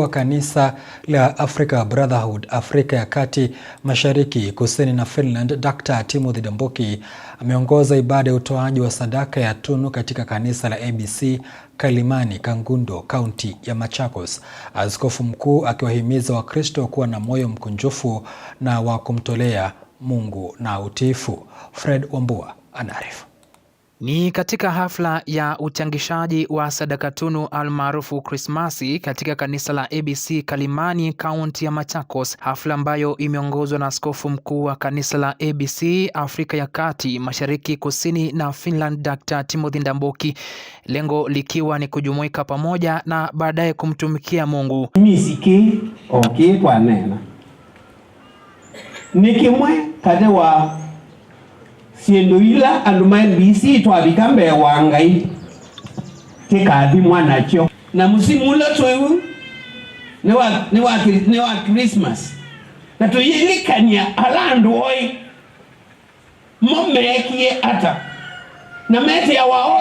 wa kanisa la Africa Brotherhood Afrika ya Kati, Mashariki, Kusini na Finland, Dr. Timothy Ndambuki ameongoza ibada ya utoaji wa sadaka ya tunu katika kanisa la ABC Kalimani, Kangundo, kaunti ya Machakos. Askofu mkuu akiwahimiza Wakristo kuwa na moyo mkunjufu na wa kumtolea Mungu na utiifu. Fred Wambua anaarifu. Ni katika hafla ya uchangishaji wa sadaka tunu almaarufu Krismasi katika kanisa la ABC Kalimani, kaunti ya Machakos, hafla ambayo imeongozwa na askofu mkuu wa kanisa la ABC Afrika ya Kati, Mashariki, Kusini na Finland, Dr. Timothy Ndambuki, lengo likiwa ni kujumuika pamoja na baadaye kumtumikia Mungu. misiki okay, nikimwe kade wa syindu ila andu ma NBC twavika mbee wa ngai kikathimwa nakyo na musimu ula twiu ni wa, ni wa, ni wa Christmas na tuyilikania ala andu oi momeekie ata na metia wao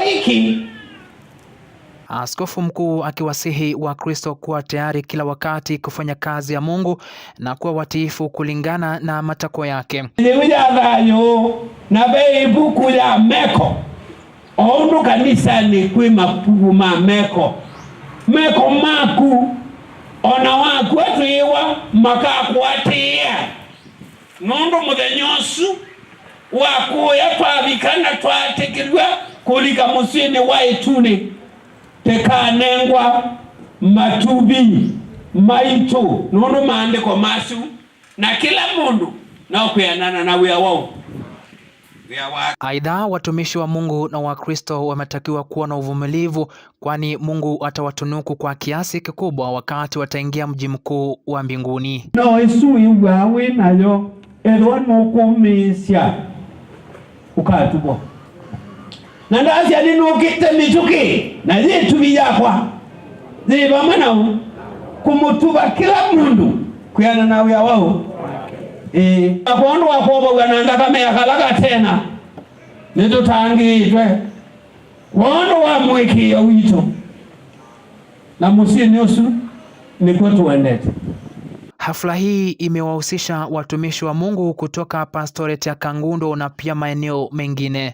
Askofu mkuu akiwasihi Wakristo kuwa tayari kila wakati kufanya kazi ya Mungu na kuwa watiifu kulingana na matakwa yake iwija thayu na veibuku ya meko oundu kanisani kwi mapugu ma meko meko maku ona waku atwiwa makakwatia nundu muthenya usu wakuya twavikana twatikirwa kulika musini wa ituni tekanengwa matubi maitu nundu maandiko masu na kila mundu nakuyanana na wia wau Aidha, watumishi wa Mungu na Wakristo wametakiwa kuwa na uvumilivu, kwani Mungu atawatunuku kwa kiasi kikubwa wakati wataingia mji mkuu wa mbinguni. no isu iwawe nayo ero nukumisya ukatubwa nandaasi ali nuukitte mijuki naziitu biyaakwa ziibamanawu kumutuba kila mundu kuyana nawe awawu e, akondu wakobowa nandakame yakalaga tena nitutangitwe wondo wa mwikia wito na musinusu nikuo tuendete Hafla hii imewahusisha watumishi wa Mungu kutoka pastoreti ya Kangundo na pia maeneo mengine.